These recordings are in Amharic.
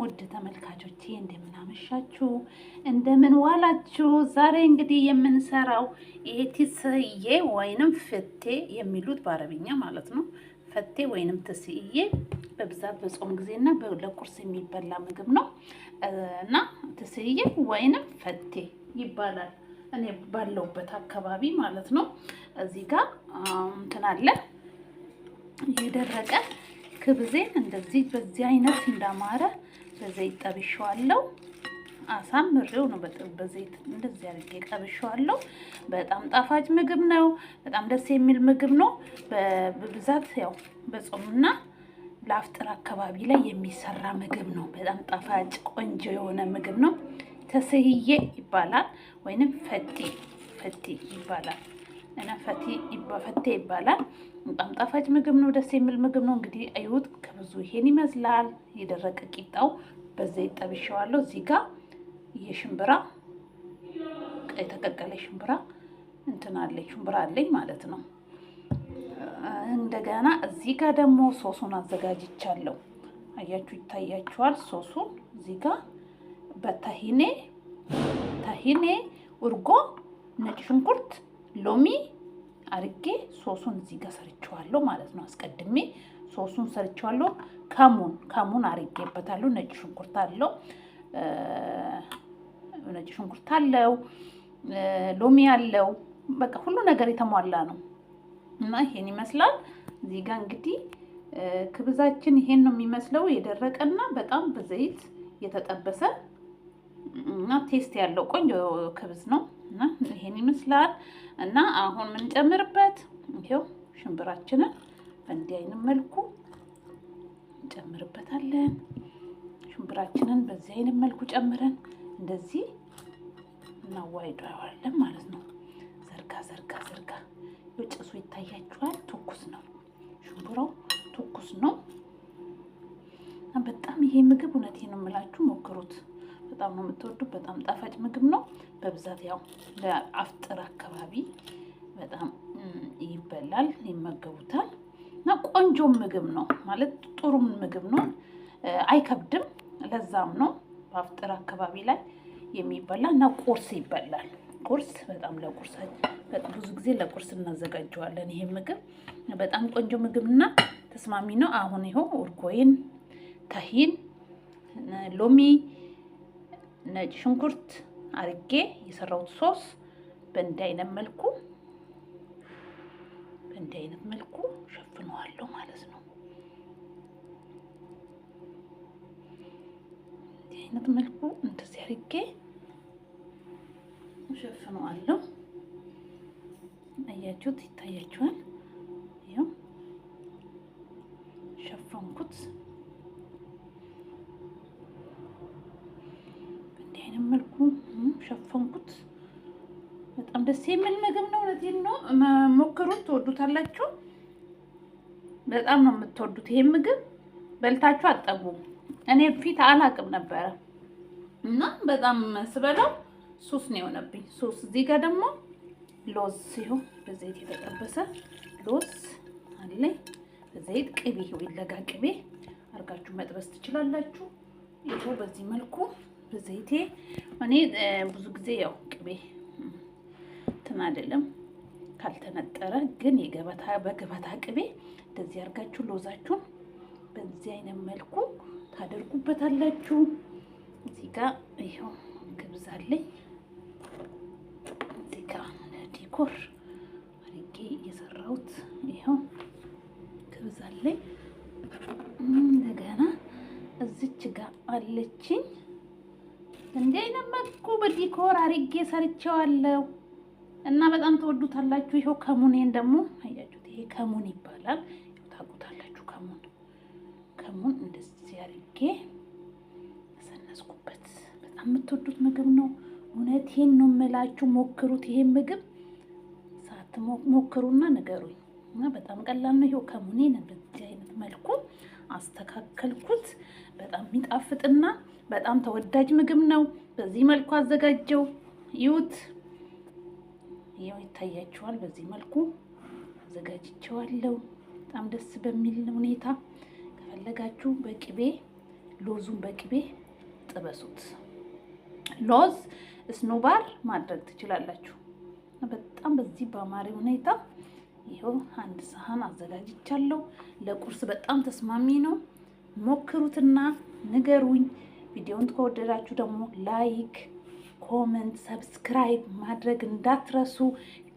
ውድ ተመልካቾቼ እንደምናመሻችሁ እንደምን ዋላችሁ። ዛሬ እንግዲህ የምንሰራው ይሄ ትስዬ ወይንም ፍቴ የሚሉት በአረብኛ ማለት ነው። ፈቴ ወይንም ትስዬ በብዛት በጾም ጊዜና ለቁርስ የሚበላ ምግብ ነው እና ትስዬ ወይንም ፈቴ ይባላል። እኔ ባለውበት አካባቢ ማለት ነው። እዚህ ጋር እንትን አለ የደረቀ ክብዜን እንደዚህ በዚህ አይነት እንዳማረ በዘይት ጠብሼዋለሁ። አሳምሬው ነው በዘይት እንደዚህ አድርጌ ጠብሼዋለሁ። በጣም ጣፋጭ ምግብ ነው። በጣም ደስ የሚል ምግብ ነው። በብዛት ያው በጾምና ለአፍጥር አካባቢ ላይ የሚሰራ ምግብ ነው። በጣም ጣፋጭ ቆንጆ የሆነ ምግብ ነው። ተስህዬ ይባላል ወይንም ፈቴ ፈቴ ይባላል እና ፈቴ ይባላል። በጣም ጣፋጭ ምግብ ነው። ደስ የሚል ምግብ ነው። እንግዲህ እዩት ከብዙ ይሄን ይመስላል። የደረቀ ቂጣው በዘይት ጠብሼዋለሁ። እዚህ ጋር የሽምብራ የተቀቀለ ሽምብራ እንትን አለኝ ሽምብራ አለኝ ማለት ነው። እንደገና እዚህ ጋር ደግሞ ሶሱን አዘጋጅቻለሁ። አያችሁ፣ ይታያችኋል። ሶሱን እዚህ ጋር በታሂኔ ታሂኔ፣ እርጎ፣ ነጭ ሽንኩርት፣ ሎሚ አርጌ ሶሱን እዚህ ጋር ሰርቼዋለሁ ማለት ነው። አስቀድሜ ሶሱን ሰርቼዋለሁ። ከሙን ከሙን አርጌበታለሁ። ነጭ ሽንኩርት አለው ነጭ ሽንኩርት አለው፣ ሎሚ አለው። በቃ ሁሉ ነገር የተሟላ ነው እና ይሄን ይመስላል። እዚህ ጋር እንግዲህ ክብዛችን ይሄን ነው የሚመስለው የደረቀና በጣም በዘይት የተጠበሰ እና ቴስት ያለው ቆንጆ ክብዝ ነው እና ይሄን ይመስላል። እና አሁን የምንጨምርበት ይሄው ሽንብራችንን በእንዲህ አይነት መልኩ እንጨምርበታለን። ሽንብራችንን በዚህ አይነት መልኩ ጨምረን እንደዚህ እናዋህደዋለን ማለት ነው። ዘርጋ ዘርጋ ዘርጋ። ጭሱ ይታያችኋል። ትኩስ ነው ሽንብራው፣ ትኩስ ነው በጣም ይሄ ምግብ። እውነቴን ነው የምላችሁ ሞክሩት። በጣም ነው የምትወዱ። በጣም ጣፋጭ ምግብ ነው። በብዛት ያው ለአፍጥር አካባቢ በጣም ይበላል፣ ይመገቡታል እና ቆንጆ ምግብ ነው ማለት ጥሩ ምግብ ነው። አይከብድም። ለዛም ነው በአፍጥር አካባቢ ላይ የሚበላ እና ቁርስ ይበላል። ቁርስ በጣም ለቁርስ ብዙ ጊዜ ለቁርስ እናዘጋጀዋለን። ይሄ ምግብ በጣም ቆንጆ ምግብ ተስማሚ ነው። አሁን ይኸው እርጎዬን ተሂን፣ ሎሚ ነጭ ሽንኩርት አርጌ የሰራሁት ሶስ በእንዲህ አይነት መልኩ በእንዲህ አይነት መልኩ ሸፍነዋለሁ ማለት ነው። እንዲህ አይነት መልኩ እንደዚህ አርጌ ሸፍነዋለሁ። አያችሁት? ይታያችኋል። በጣም ደስ የሚል ምግብ ነው። እውነቴን ነው። ሞክሩት፣ ትወዱታላችሁ። በጣም ነው የምትወዱት። ይሄ ምግብ በልታችሁ አጠቡ። እኔ ፊት አላቅም ነበረ እና በጣም ስበላው ሱስ ነው የሆነብኝ። ሱስ። እዚህ ጋር ደግሞ ሎዝ ሲሆን በዘይት የተጠበሰ ሎዝ አለ። በዘይት ቅቤ ወይ ለጋ ቅቤ አርጋችሁ መጥበስ ትችላላችሁ። ይኸው በዚህ መልኩ በዘይቴ እኔ ብዙ ጊዜ ያው ቅቤ እንትን አይደለም ካልተነጠረ ግን የገበታ በገበታ ቅቤ እንደዚህ አድርጋችሁ ሎዛችሁን በዚህ አይነት መልኩ ታደርጉበታላችሁ። እዚህ ጋ ይኸው ግብዛለኝ እዚህ ጋ ለዲኮር አድርጌ የሰራሁት ይኸው ግብዛለኝ። እንደገና እዚች ጋ አለችኝ እንዲህ አይነት መልኩ በዲኮር አድርጌ ሰርቼዋለሁ። እና በጣም ተወዱታላችሁ። ይኸው ከሙኔን ደግሞ አያችሁት። ይሄ ከሙን ይባላል ታውቁታላችሁ። ከሙን ከሙን እንደዚህ አድርጌ ሰነስኩበት። በጣም የምትወዱት ምግብ ነው። እውነቴን ነው የምላችሁ፣ ሞክሩት። ይሄን ምግብ ሞክሩና ንገሩኝ። እና በጣም ቀላል ነው። ይኸው ከሙኔን በዚህ አይነት መልኩ አስተካከልኩት። በጣም የሚጣፍጥና በጣም ተወዳጅ ምግብ ነው። በዚህ መልኩ አዘጋጀው ይዩት። ይሄው ይታያችኋል። በዚህ መልኩ አዘጋጅቼዋለሁ። በጣም ደስ በሚል ሁኔታ ከፈለጋችሁ በቅቤ ሎዙን በቅቤ ጥበሱት። ሎዝ ስኖባር ማድረግ ትችላላችሁ። በጣም በዚህ በአማሪ ሁኔታ ይኸው አንድ ሰሃን አዘጋጅቻለሁ። ለቁርስ በጣም ተስማሚ ነው። ሞክሩትና ንገሩኝ። ቪዲዮውን ከወደዳችሁ ደግሞ ላይክ ኮመንት፣ ሰብስክራይብ ማድረግ እንዳትረሱ።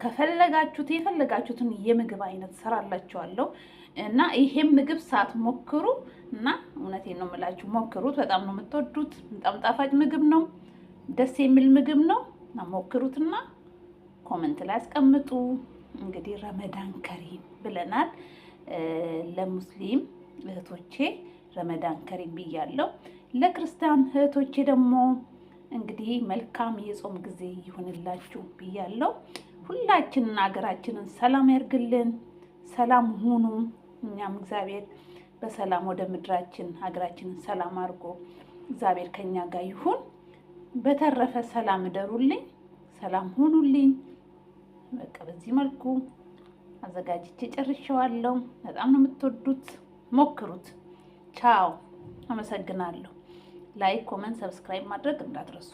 ከፈለጋችሁት የፈለጋችሁትን የምግብ አይነት ሰራላችኋለሁ እና ይሄም ምግብ ሳትሞክሩ እና እውነቴን ነው የምላችሁ ሞክሩት። በጣም ነው የምትወዱት። በጣም ጣፋጭ ምግብ ነው። ደስ የሚል ምግብ ነው እና ሞክሩትና ኮመንት ላይ አስቀምጡ። እንግዲህ ረመዳን ከሪም ብለናል። ለሙስሊም እህቶቼ ረመዳን ከሪም ብያለሁ። ለክርስቲያን እህቶቼ ደግሞ እንግዲህ መልካም የጾም ጊዜ ይሁንላችሁ ብያለሁ። ሁላችንን ሀገራችንን ሰላም ያርግልን። ሰላም ሁኑ። እኛም እግዚአብሔር በሰላም ወደ ምድራችን ሀገራችንን ሰላም አድርጎ እግዚአብሔር ከኛ ጋር ይሁን። በተረፈ ሰላም እደሩልኝ፣ ሰላም ሁኑልኝ። በቃ በዚህ መልኩ አዘጋጅቼ ጨርሼዋለሁ። በጣም ነው የምትወዱት፣ ሞክሩት። ቻው። አመሰግናለሁ። ላይክ፣ ኮመንት፣ ሰብስክራይብ ማድረግ እንዳትረሱ።